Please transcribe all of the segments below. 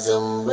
azam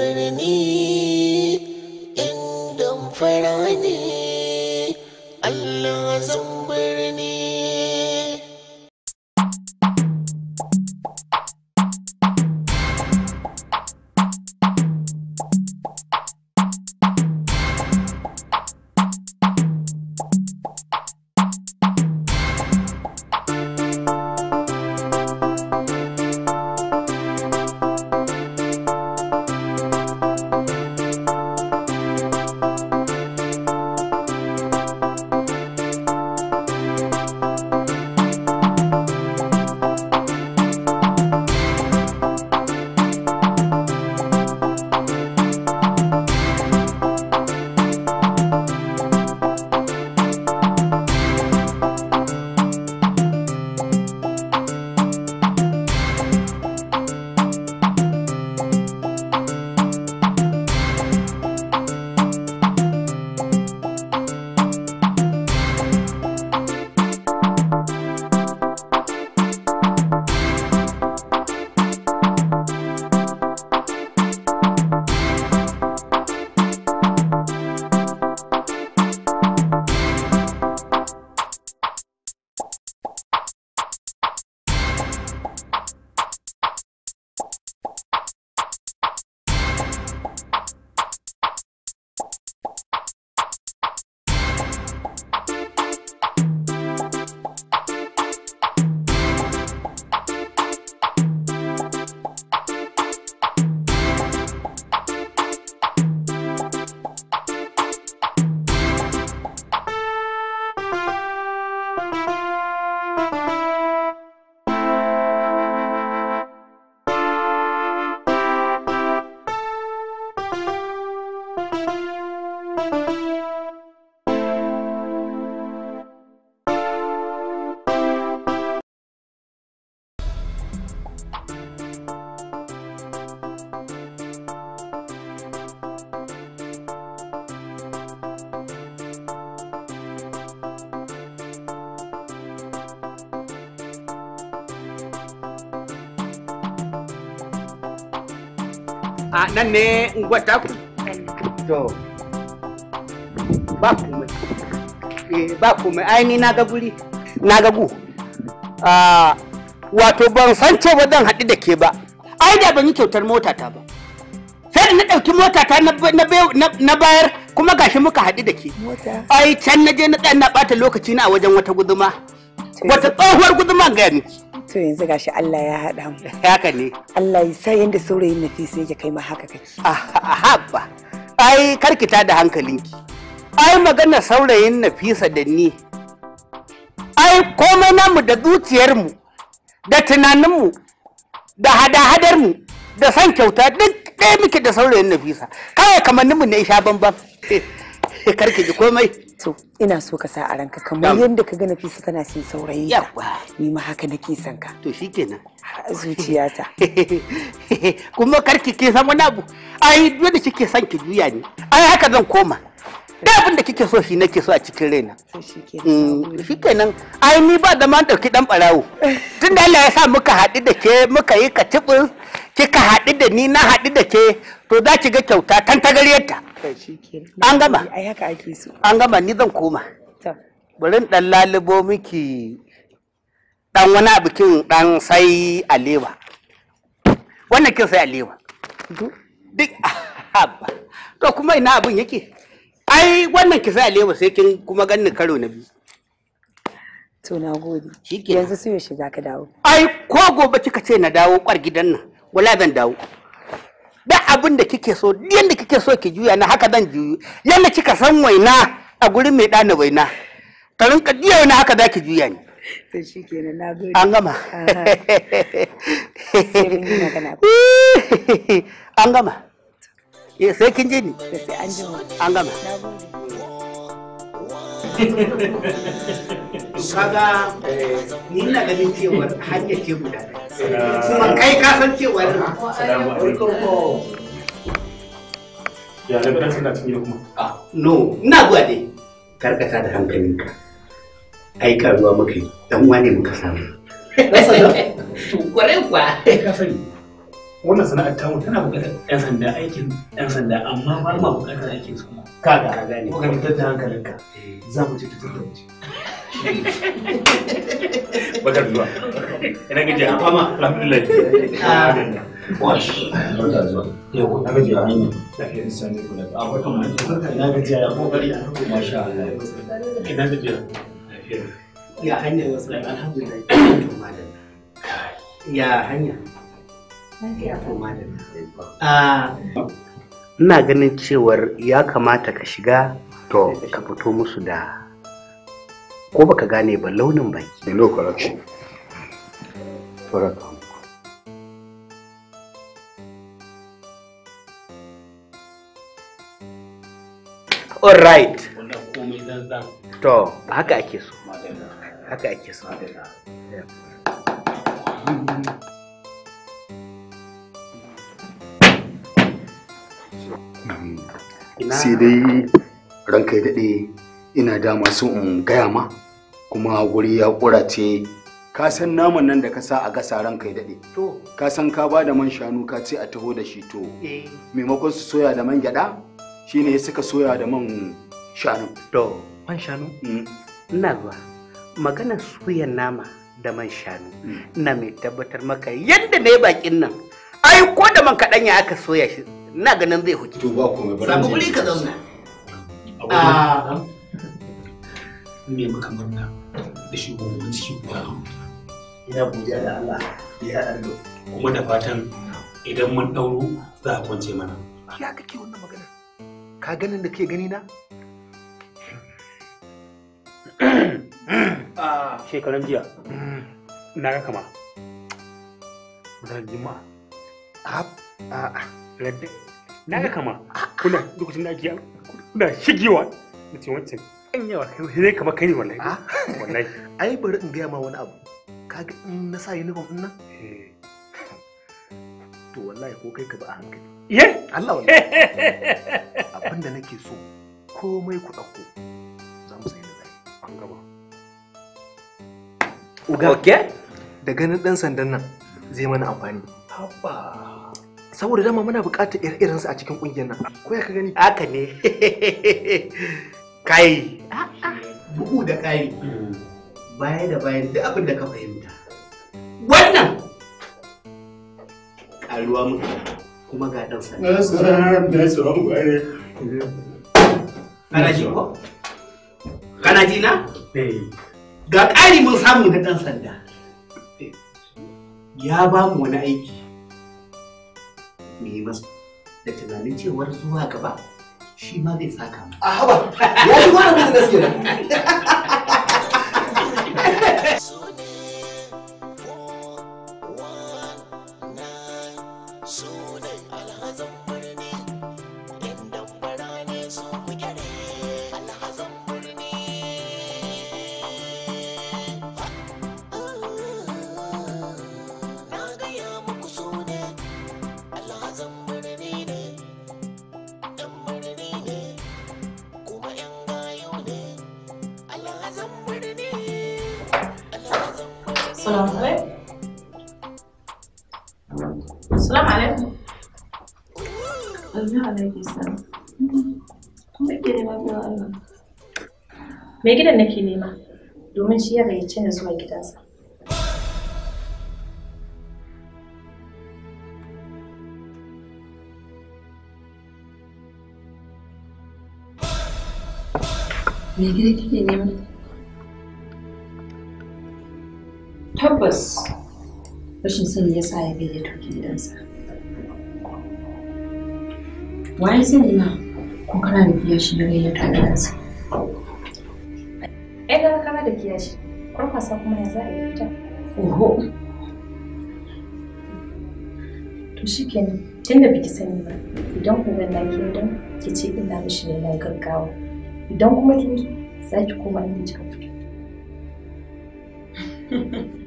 nan ne unguwar taku to ba komai eh ba komai ai ni na ga guri na ga gu ah, wato ban san ce ba zan haɗu da ke ba ai da ban yi kyautar motata ba sai da na ɗauki motata na bayar kuma gashi muka haɗu da ke ai can na je na ɗan na ɓata lokaci na a wajen wata guduma wata tsohuwar guduma ga miki to yanzu gashi Allah ya haɗa mu haka ne Allah ya sa yanda saurayin sai ya kai ma haka kake ah, ah, ah, habba ai karkita da hankalinki ai magana saurayin Nafisa da ni ai komai namu da zuciyarmu da tunaninmu da hada-hadarmu da san kyauta duk ɗaya muke da saurayin Nafisa kawai kamanninmu ne isha bambam karki ji komai so ina so ka sa a ranka kamar yadda ka gana fisa tana sin saurayi yawa ni ma haka nake son ka to shikenan zuciyata kuma karki ke san wani abu ai duk da kike son ki juya ne. ai haka zan koma da abin da kike so shi nake so a cikin raina shikenan mm, ai ni ba da ma dauki dan barawo tunda Allah ya sa muka haɗu da ke muka yi katibin kika haɗu da ni na haɗu da ke to za ki ga kyauta tan tagaryarta an gama ai haka ake so an gama ni zan koma bari dan lalubo miki dan wani bikin dan sai alewa wannan kin sai alewa duk haba to kuma ina abin yake ai wannan kin sai alewa sai kin kuma ganni karo na biyu to na gode yanzu sai ya shiga ka dawo ai ko gobe kika ce na dawo kwar gidan nan wala zan dawo da abin da kike so yadda kike so ki juya na haka zan juyu yadda kika san waina a gurin mai dana waina ka rinka juya na haka za ki juya ni to na gode an gama an gama sai kin ji ni an gama na gode kaga eh, ni na ganin cewar hanyar ce guda kuma kai ka san cewar ya labaran suna cikin kuma ah, no ina zuwa dai karkata da hankalinka ai karuwa muka yi dan wane muka samu kwarai kwa ka sani wannan sana'ar tamu tana bukatar 'yan sanda aikin 'yan sanda amma ba ma bukatar aikin su kaga ka gane ko ka da hankalinka za mu ci ta mu ci bakar zuwa ina gaji a fama alhamdulillah wash barka zuwa yau na gaji a hanya lafiya sani ku lafiya a barkan mu barka ina gaji a kokari a hukuma masha Allah ina gaji lafiya ya hanya wasu alhamdulillah ya hanya Ah. ina ganin cewar ya kamata ka shiga to ka fito musu da ko baka gane ba launin baki no correction all right to haka ake so haka ake so sai dai ranka ya daɗe ina da masu in gaya ma kuma guri ya ce ka san naman nan da ka sa a gasa ranka ya daɗe ka san ka ba da man shanu ka ce a taho da shi to eh. maimakon su soya da man gyaɗa shine suka soya da man shanu to man shanu mm. ina zuwa maganar soya nama da man shanu mm. ina mai tabbatar maka yadda na yi bakin nan ai ko da man ya aka soya shi ina ganin zai huce to ba ku komai bari samu guri ka zauna a ah. me muka murna da shi shugaban cikin ba. ina godiya da Allah ya haɗa da kuma da fatan idan mun ɗauro za a kwance mana ya kake wannan magana ka ganin da ke gani na ah. shekaran jiya na ga kama ranar juma'a a'a na ga kama kuna lokacin da ake kuna shigewa na ce wancan an yawa zai kama kai wallahi ah. wallahi ai bari in gaya ma wani abu kaga in na sa uniform din nan eh. to wallahi ko kai ka ba a hankali ye Allah wallahi abin da nake so komai ku dauko za mu da zai an gaba uga da ganin dan sandan nan zai mana amfani saboda dama muna buƙatar ire-iren su a cikin ƙungiyar nan ko ya ka gani haka ne kai bugu da kai hmm. baya da bayan duk abin da ka fahimta wannan karuwa mu kuma ga dan kana ji ko kana ji na eh. ga ƙari mun samu da ɗan sanda ya ba mu wani aiki mu yi masa da tunanin cewar zuwa gaba shi ma zai saka. A haba, ya shigo da business kenan. Assalamu alaikum. Assalamu alaikum. Assalamu alaikum salam. Me ke nema ko Allah? Me gidan nake nema domin shi ya gayyace zuwa gidansa. tabbas rashin sani ya sa ya gayyato ki gidansa waye sani ma ko kana da kiyashi na gaya gayyato gidansa ai da kana da kiyashi kwarkwasa kuma ya za a yi ta oho to shi ke tun da biki sani ba idan uban na ki dan ki ce ina mishi ne na gaggawa idan kuma kin za ki koma inda kika fito Ha ha ha.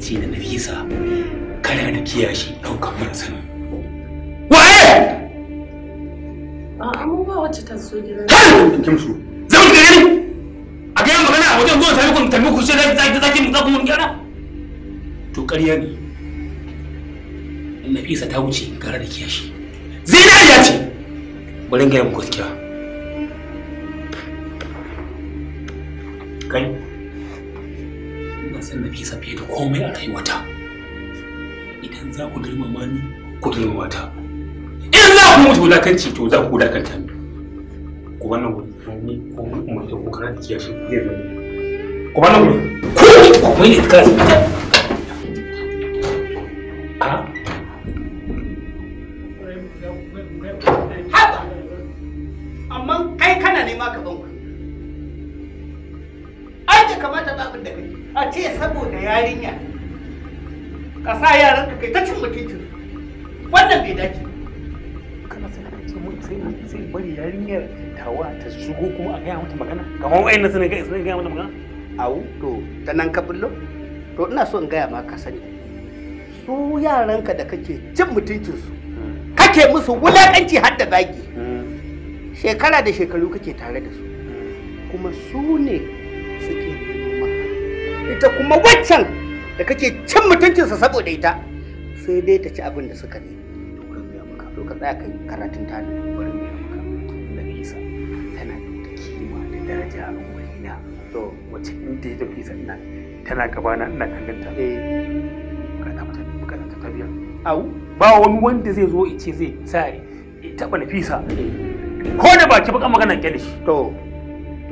ce da Nafisa kana da kiyashi ɗaukan man sani. Waye? A amma ba wacce ta so gidan. Kai! Kim su. Zan ku gani? A ga magana a wajen zuwa tabi ku tambi ku ce za ki za ki mun gyara. To ƙarya ne. Nafisa ta wuce gara da kiyashi. Zinariya ce. Bari in gaya muku gaskiya. Kai. na san Nafisa fiye da komai a rayuwata. Idan za ku girmama ni, ku girmama ta. Idan za ku mutu wulakanci to za ku wulakanta ni. Ku wannan wuri ni ko mu da kokarin kiyashi zai zama. Ku wannan wuri. Ku ku mai da kazi. gaya mata magana kamar wa'annan suna gaya gaya mata magana awu to ta nan ka bullo to ina so in gaya ma ka sani su yaranka da kake cin mutuncinsu kake musu wulaƙanci har da zagi shekara da shekaru kake tare da su kuma su ne suke ita kuma waccan da kake cin mutuncinsa saboda ita sai dai ta ci abin da suka ne to ka tsaya kai karatun tare daraja a wurina to wace inda ta yi tafi sannan tana gabana ina kallon ta bukata eh. mata bukata ta tabiya au ba wani wanda zai zo ice zai sa ya taba nafisa eh. ko da baki kan magana ke da shi to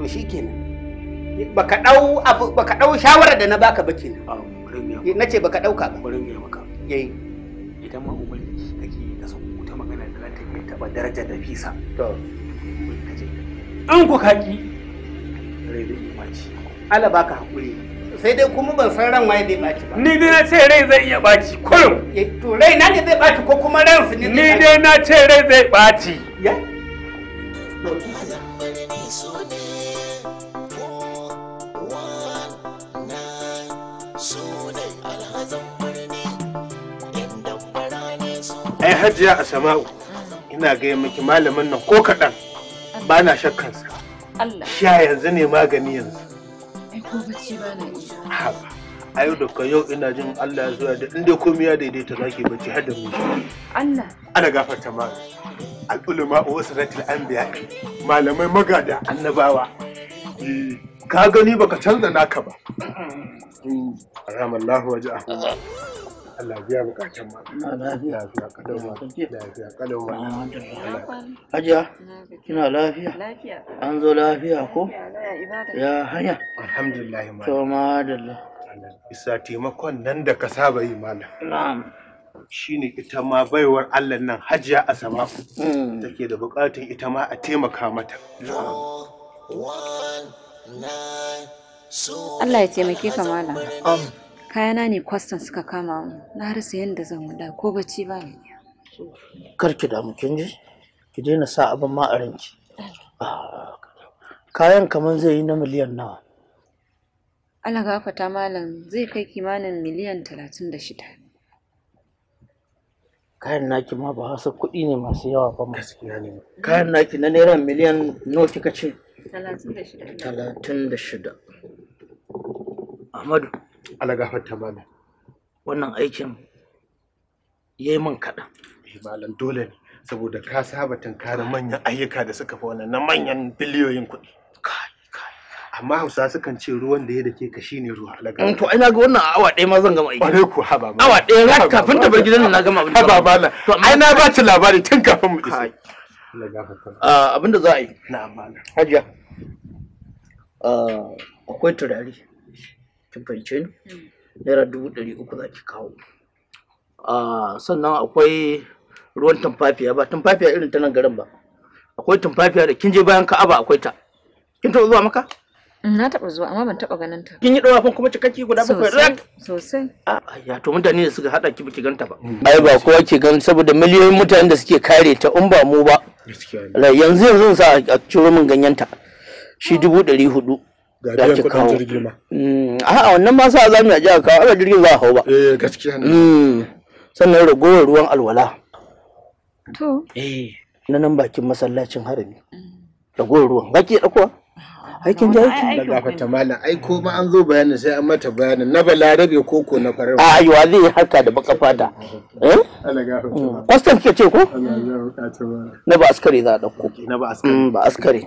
to shikenan baka dau abu baka dau shawara da na baka ba kenan eh, na nace baka dauka ba bari ne maka yayi idan ma ubangiji kake da san ta magana da za ta yi ta ba daraja da fisa to in ku kaki rai zai iya ɓaci ala baka hakuri sai dai kuma ban san ran waye zai ɓaci ba ni dai na ce rai zai iya ɓaci kullum eh, to rai na ne zai ɓaci ko kuma ran su ne ni dai na ce rai zai ɓaci ya ai hajiya a sama'u ina gaya miki malamin nan ko kaɗan ba na shakkansa Allah. Sha yanzu ne magani yanzu. Ai ko bacci ba na iya. da yau ina jin Allah ya zuwa da inda komai ya daidaita ki bacci har da mu. Allah. Ana gafarta ma. Al'ulama wa wasaratul anbiya. Malamai magada annabawa. Eh, ka gani baka canza naka ba. Hmm. Ramallahu wajahu. Allah biya bukatun ma. Lafiya. Lafiya ma. Lafiya kina lafiya? ko? Ya hanya. Alhamdulillah ma To taimakon nan da ka saba yi malam. Na'am. shine ita ma baiwar Allah nan hajiya a hmm. take da bukatun ita ma a taimaka mata. Allah ya taimake ka malam. kayana ne kwastan suka kama mu na rasa yadda zan wada ko bacci ba ne kar ki damu kin ji ki daina sa abin ma a ranki ah, kayan kaman zai yi na miliyan nawa Allah gafata malam zai kai kimanin miliyan talatin da shida kayan naki ma ba hasa kuɗi ne masu yawa ba masu kira ne kayan naki na naira miliyan nawa kika ce talatin da shida Ahmadu alagafar mana wannan aikin ya yi min kaɗan eh, malam dole ne saboda ka saba tunkara manyan ayyuka da suka fi wannan manyan biliyoyin kuɗi amma hausa sukan ce ruwan da ya dake ka ne ruwa alaga to ai na ga wannan awa ɗaya ma zan gama aiki ku haba ma awa ɗaya kafin ta bar gidan na gama abin da haba bala ai na ba ci labari tun kafin mu isa ah, abinda za a yi na'am hajiya ah, akwai turare kin fahimce naira dubu ɗari uku za ki kawo sannan akwai ruwan tumfafiya ba tumfafiya irin ta nan garin ba akwai tumfafiya da kin je bayan ka'aba akwai ta kin taɓa zuwa maka na taɓa zuwa amma ban taɓa ganin ta kin yi ɗawafin kuma cikakki guda bakwai rak sosai ya to mutane da suka haɗa ki baki ganta ba ai ba kowa ke gan saboda miliyoyin mutanen da suke kare ta in ba mu ba yanzu yanzu sa a ciro min ganyen ta shi oh. dubu ɗari hudu ga biyan kuɗin jirgi mm. a'a wannan ma sa za mu yaji a kawo ala jirgin za a hau ba eh gaskiya ne mm. sannan ragowar ruwan alwala to eh na nan bakin masallacin harami mm. ragowar ruwan baki ɗakuwa aikin da aikin da gafata malam ai ko ma an zo bayanin sai an mata bayanin na balarabe ko ko na farar a aiwa zai yi haka da baka fata eh kwastan kike ce ko na ba askare za a dauko na ba askare ba askare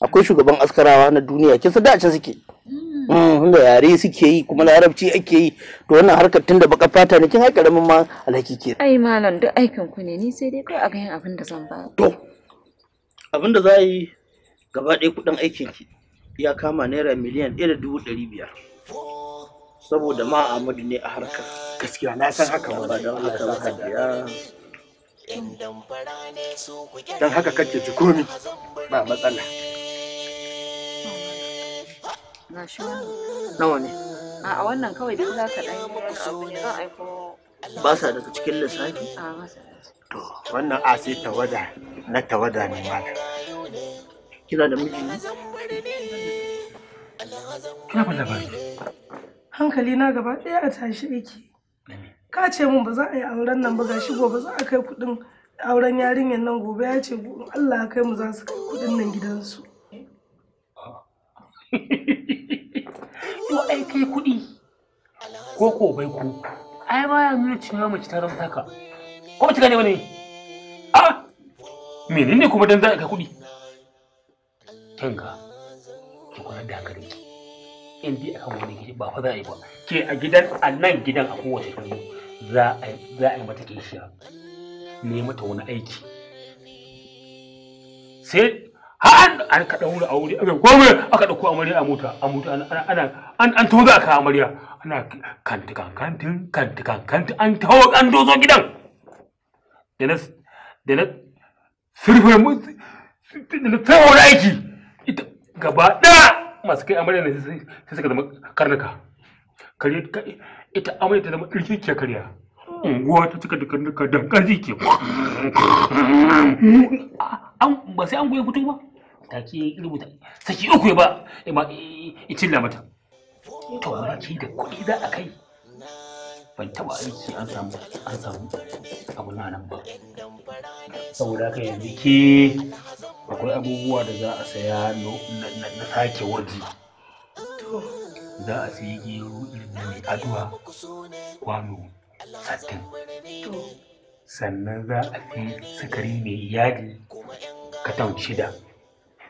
akwai shugaban askarawa na duniya kin san da can suke mm. mm, da yare suke yi kuma larabci ake yi to wannan harkar tun da baka fata ne kin haka ramin ma alhaki ke ai malam duk aikin ku ne ni sai dai kai a ga yin abin da zan ba to abin da za yi gaba ɗaya kuɗin aikin ki ya kama naira miliyan ɗaya da dubu ɗari biyar saboda ma Ahmadu ne a harkar gaskiya na san haka ba don haka ba hadiya don haka kake ji komi ba matsala na shi nawa ne a wannan kawai da za ka ɗan yi abu ne zan aiko ba sa daga cikin lissafi a ba sa to wannan a sai tawada na tawada ne malam kina da miji ne kina ba labari hankali na gaba ɗaya a tashi yake ka ce mun ba za a yi auren nan ba gashi gobe za a kai kuɗin auren yarinyar nan gobe ya ce Allah ya kai mu za su kai kuɗin nan gidansu oh. ai kai kuɗi ko ko bai ku ai ba ya nuna cewa mace ta zama taka ko ba ta gane wani a menene kuma dan za ka kuɗi kinga ki kula da hankali in dai akan wani gidi ba fa za a yi ba ke a gidan a nan gidan a kowace a za a yi mata kishiya ne mata wani aiki sai har an kaɗa ka daura aure aka gome aka dauko amarya a mota a mota ana an an toga aka amarya ana kanti kankantin kanti kankantin an tawo an dozo gidan da na da na surfe mu da na tawo aiki ita gaba ɗaya masu kai amarya ne sai suka zama karnuka kare ita amarya ta zama irki ke karya unguwa ta cika da karnuka dan karzi ke an ba sai an goye fito ba taki rubuta saki uku ya ba ya cilla mata to da kuɗi za a kai ban taɓa aiki an samu an samu abu na nan ba saboda haka yanzu ke akwai abubuwa da za a saya na sake warji za a sayi gero irin na mai aduwa kwano satin, sannan za a fi sukari mai yadi katon shida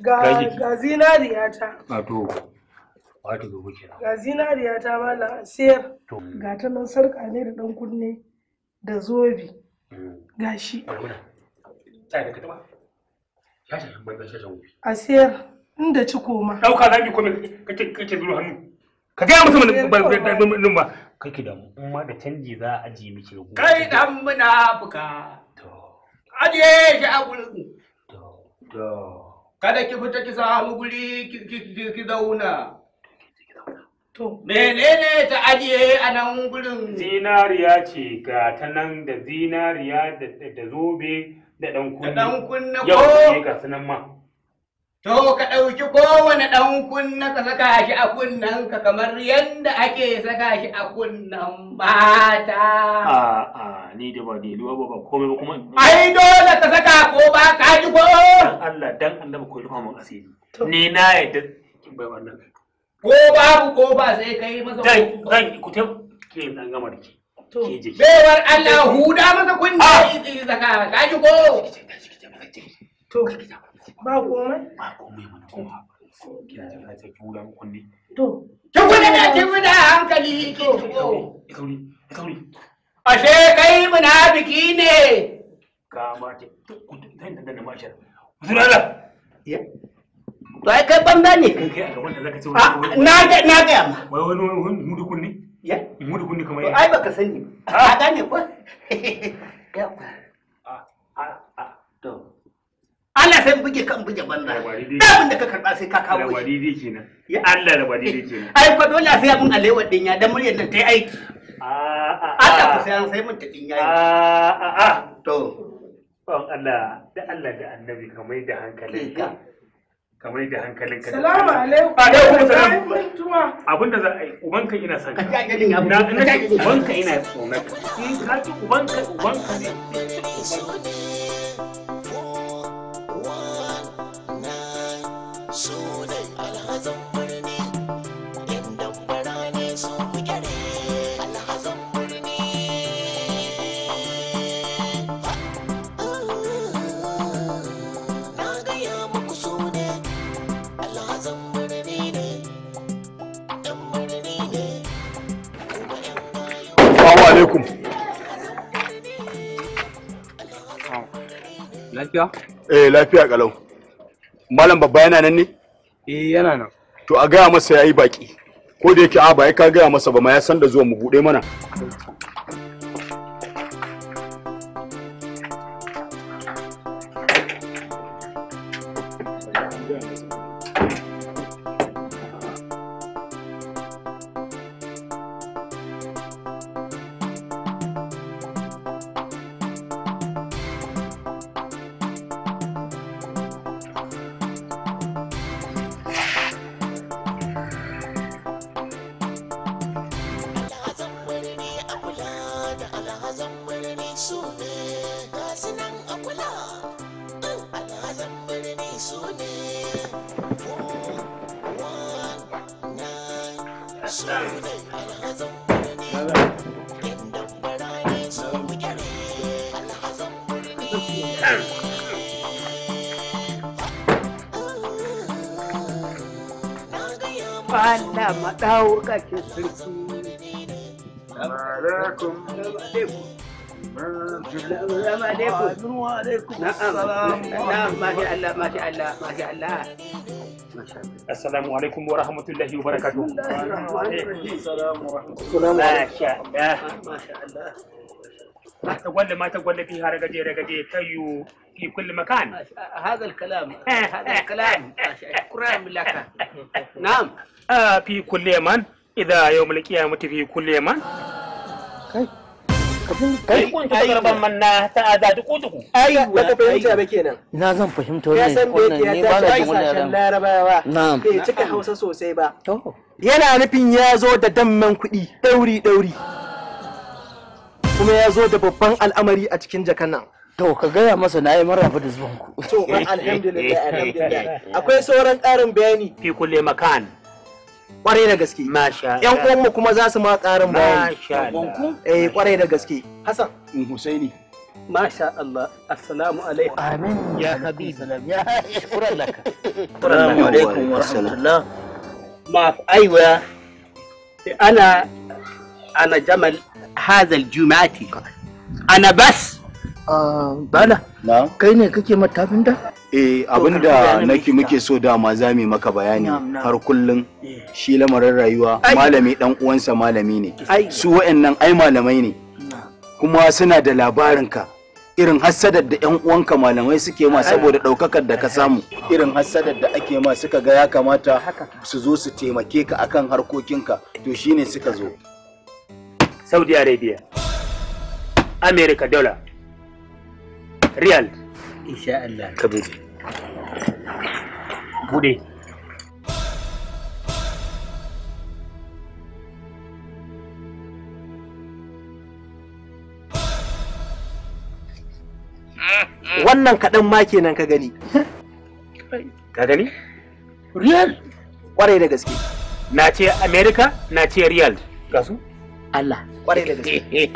ga zinariya ta wato wato gobe kenan ga zinariya ta malam asiyar ga ta nan sarka ne da dan kunne da zobe mm. ga shi asiyar inda ci koma dauka za ki kome kake kake zuru hannu ka gaya musu mun ba kake da mu. ma da canji za a ajiye miki rubu kai dan muna fuka ajiye shi a gurin to to kada ki fita ki samu guri ki zauna menene ta ajiye a nan gurin zinariya ce ga ta nan da zinariya da zobe da ɗan kunne da ɗan kunne ko ga ma to ka ɗauki kowane ɗan kunna ka saka shi a kunnan ka kamar yadda ake saka shi a kunnan mata. A'a ni da ba delu ba ba komai ba kuma. Ai dole ka saka ko ba ka ji ko. Allah dan annabi ko rufa mun asiri. Ni na yadda kin bai wannan. Ko babu ko ba sai kai masa. Dan dan ku ta ke dan gama da ke. Bewar Allah huda masa kunna. Ah! Ka ji ko. To. ba komai ba komai mana kina to ki da ki hankali ki to kauri kauri ashe kai munafiki ne ka ma dan dan da ya to ai kai banda ne kai kai a zaka ce ah, na ga na ga ma wai wani mudu ya mudu kamar ai baka sani ah. ka gane ko ya Allah sai buge kan buge banza. Da abin da ka karba sai ka kawo. Rabadi dai kenan. Ya Allah rabadi dai kenan. Ai fa dole sai abin alewa din ya dan muryar nan tai aiki. aiki. Allah ku sai an sai mun takin yayi. A a to. Bon Allah da Allah da Annabi ka mai da hankalinka. Ka mai da hankalinka. Salamu alaikum. Alaikum salam. Abinda za a yi ubanka ina son ka. Ka gani Na ubanka ina son ka. Eh, ka ubanka ubanka ne. Lafiya? Eh lafiya kalau. Malam babba yana nan ne? Eh yana nan. To a gaya masa yayi baki. Ko da yake a ba ya ka gaya masa ba ma ya san da zuwa mu bude mana. أنا ما داوكا السلام عليكم ورحمة الله وبركاته السلام عليكم ورحمة الله وبركاته ما شاء الله ما شاء الله تقول ما تولى فيها رقدي رقدي تيو في كل مكان هذا الكلام هذا الكلام شكرا لك نعم في كل يمن إذا يوم القيامة في كل يمن kai kun ta garban manna ta azadi kutuku ai baka fahimta ba kenan na zan fahimta wannan san da yake ya ta sashen larabawa bai cika hausa sosai ba yana nufin ya zo da damman kuɗi ɗauri ɗauri kuma ya zo da babban al'amari a cikin jakan nan to ka gaya masa na yi maraba da zuwan ku to alhamdulillah alhamdulillah akwai sauran ƙarin bayani fi kulle makan kwarai da gaske masha yan uwanmu kuma za su ma ƙarin bayani masha eh kwarai da gaske hasan mm, husaini masha Allah assalamu alaikum amin ya habibi ya shukran laka assalamu alaikum wa rahmatullah ma aiwa ana ana jamal hazal jumati ana bas bala kai ne kake matafin da eh abinda nake muke so dama za mu maka bayani har kullum, shi lamarin rayuwa malami dan malami ne su wa'annan ai malamai ne kuma suna da labarinka irin hassadar da yan uwanka malamai suke ma saboda ɗaukakar da ka samu irin hassadar da ake ma suka ga ya kamata su zo su taimake ka akan harkokinka to shine suka zo saudi arabia america dollar real insha Allah ka bude bude wannan kaɗan ma kenan ka gani ka gani riyal kwarai da gaske na ce america na ce real gasu Allah kwarai da gaske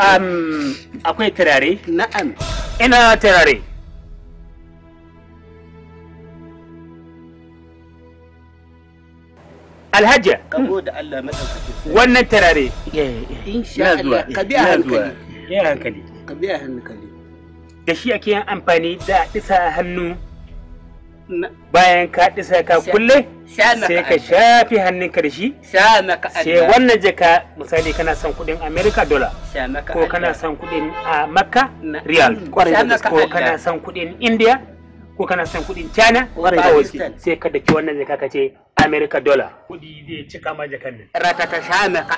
akwai turare na'am ina turare Alhaji wannan turare insha Allah ka biya hankali ya hankali ka biya hankali da shi ake yin amfani da isa hannu bayan ka ɗisa ka kulle sai ka shafi ka da shi sai wannan jaka misali kana son kuɗin america dollar ko kana son kuɗin a makka real ko kana son kuɗin india ko kana son kuɗin china sai ka daki wannan jaka ka ce america dollar kuɗi zai cika ma jakan nan ratata shana ka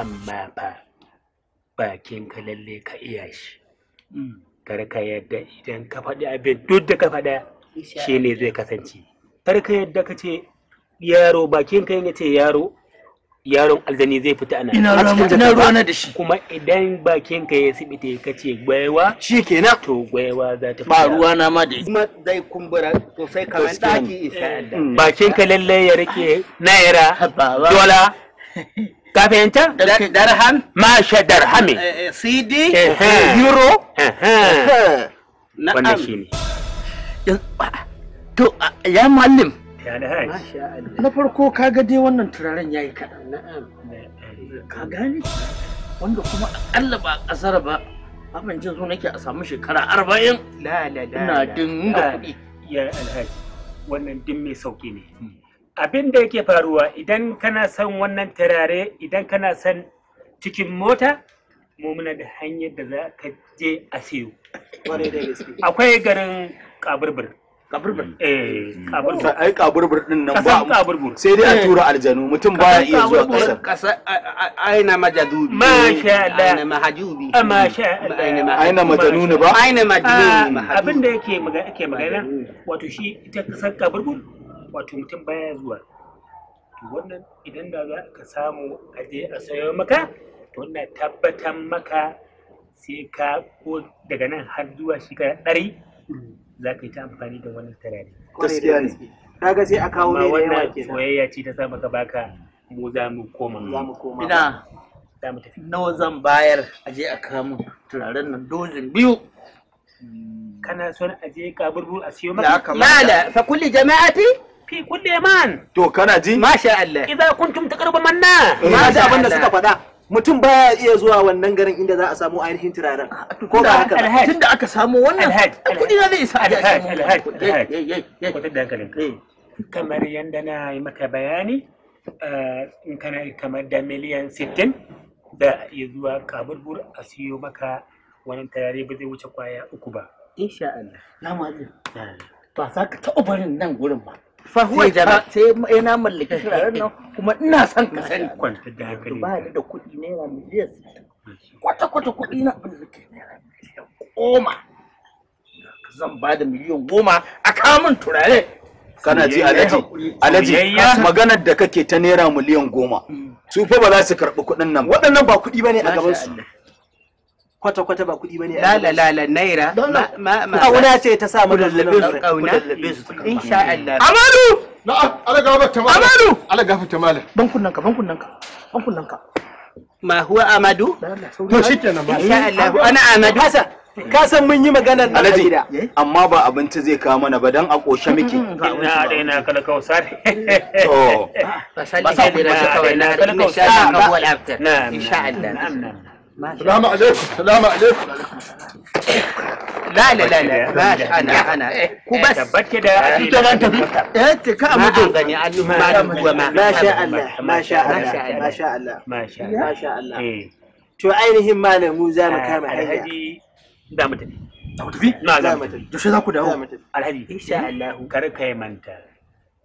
amma ba bakin ka lalle ka iya shi mm. karka yadda idan ka faɗi abin duk da ka faɗa shi ne zai kasance karka yadda ka ce yaro bakin ka yana ce yaro yaron aljani zai fita ana ina ruwana da shi kuma idan bakin ka ya sibite ka ce gwaiwa shi kenan to gwaiwa za ta ba ruwana ma da kuma zai kumbura sosai kamar daki isa bakin ka lalle ya rike naira dola Kafinta, darham masha darhami eh, eh, cd euro wannan shi ne to ya mallim na farko ka ga wannan turaren ya yi kaɗan ka gane wanda kuma aƙalla ba ƙasar ba abin jin zo nake a samu shekara arba'in na dinga ah, kuɗi ya alhaji wannan din mai sauƙi ne hmm. abin da yake faruwa idan kana son wannan turare idan kana son cikin mota mumuna da hanyar da za ka je a siyo akwai garin kaburbur kaburbur eh ai kaburbur din nan ba kaburbur sai dai a eh. tura aljanu mutum ba ya iya zuwa kasar kasar aina majadubi sha Allah aina mahajubi masha Allah aina ba aina ah, abin da yake magana yake magana wato shi ita kasar kaburbur wato mutum baya zuwa to wannan idan da za ka samu a je a sayo maka to wannan tabbatar maka sai ka ko daga nan har zuwa shekara ɗari za ka yi ta amfani da wannan turare. Gaskiya ne. Kaga sai a kawo ne da yawa kenan. soyayya ce ta sa ka baka mu za mu koma. Za mu koma. Ina za mu tafi. Nawa zan bayar a je a kawo turaren nan dozin biyu. Kana son a je kaburbu a siyo maka? kamata. La la fa kulli jama'ati fi kulle man to kana ji masha Allah idza kuntum taqrabu manna ma eh, da abin da suka faɗa mutum baya iya zuwa wannan garin inda za a samu ainihin turaren ko ba haka ba tunda aka samu wannan kudi na zai isa a samu eh. kamar yadda na yi maka bayani eh, in kana kamar da miliyan 60 da ya zuwa kaburbur a siyo maka wani tarihi ba zai wuce kwaya uku ba insha Allah na ma ba za ka taɓa barin nan gurin ba fahuwa jana eh, sai yana mallaki turaren nan kuma ina son ka sani kwanta da haka ba ni da kuɗi naira miliyan kwata kwata kuɗi na mallaki naira miliyan goma zan ba da miliyan goma a kamun turare kana ji alaji alaji maganar da kake ta naira miliyan goma mm. su fa ba za su karɓi kuɗin nan waɗannan ba kuɗi bane a gaban su kwata-kwata ba kuɗi bane la la la naira ma ma kauna ce ta sa mana lallabin kauna insha Allah Amadu na'am ala gafarta mala Amadu ala ta mala bankun nan ka bankun nan ka bankun nan ka ma huwa Amadu to shikenan ba insha Allah ana Amadu Hasan ka san mun yi maganar nan gida eh? amma ba abinci zai kawo mana ba dan a koshe miki mm, ina da ina kala kausar to ah, ba sai da kala kausar na insha Allah salamu alaikum salamu alaikum la la la la ba shi ana ana ku bas tabbake da ake da ran tafi eh ta ka amma to gani an ma kuwa ma masha Allah masha Allah masha Allah masha Allah masha ainihin malam mu za mu kama hanya da mu da mu na za mu tafi to shi za ku dawo alhaji insha Allah kar ka manta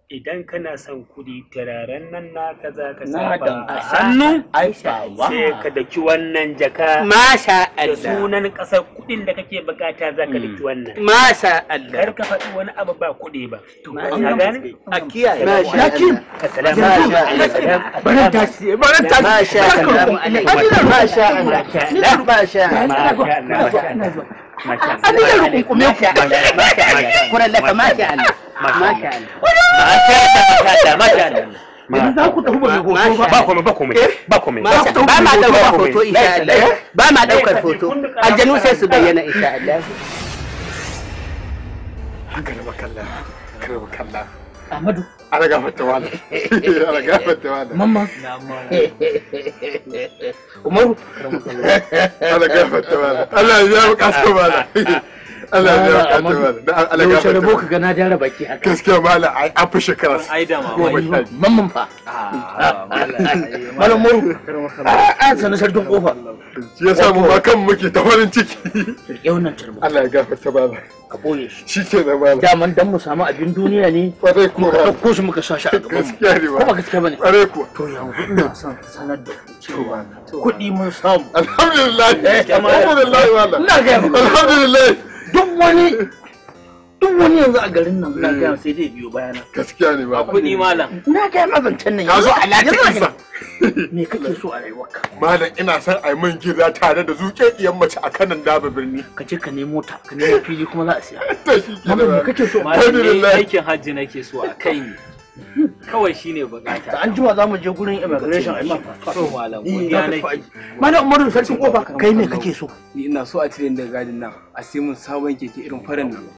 idan kana son kuɗi turaren nan naka za ka saba a hannu sai ka daki wannan jaka masha Allah da sunan ƙasar kuɗin da kake bukata za ka daki wannan masha Allah kar ka faɗi wani abu ba kuɗi ba ka gane a kiyaye masha Allah tashi masha Allah masha Allah masha Allah masha Allah masha Allah masha Allah masha Allah masha Allah masha Allah yanzu ba ba eh? ba ba ba Allah ba ma eh? su bayyana insha kalla kalla Amadu gafarta wala Allah ya zama Allah ya ka ta mala. Allah ya ka ta. Yau ka ga na jara baki haka. Gaskiya mala ai an fi shekara. Ai da mama. Mamman fa. Ah, malam muru. A ah, sanar sarkin kofa. Shi ya samu ma kan muke ta farin ciki. Yau nan turbo. Allah ya gafarta baba. Ka boye shi. Shi ke da mala. Daman dan mu samu abin duniya ne. Kwarai kuwa. Muka ɗauko shi muka sa shi a gaban Gaskiya ne ba. Kuma gaskiya bane. Kwarai kuwa. To yanzu ina son sanar da cewa kuɗi mun samu. Alhamdulillah. Eh, Alhamdulillah. Ina Alhamdulillah. duk wani duk wani yanzu a garin nan na gaya sai dai biyo bayana gaskiya ne ba kuɗi malam na gaya mazancan nan yanzu a lafiyarsa me kake so a rayuwarka malam ina son a min gida tare da iyan mace a kanan daba birni ka je ka nemo ta ka nemo fili kuma za a siya ke me kake so malam ne aikin hajji nake so a kai ne kawai shine bukata an jima za je gurin immigration a ma so malam godiya nake mana umaru sarkin kofa kai ne kake so ni ina so a cire ni daga gadin nan a sai mun sabon keke irin faran nan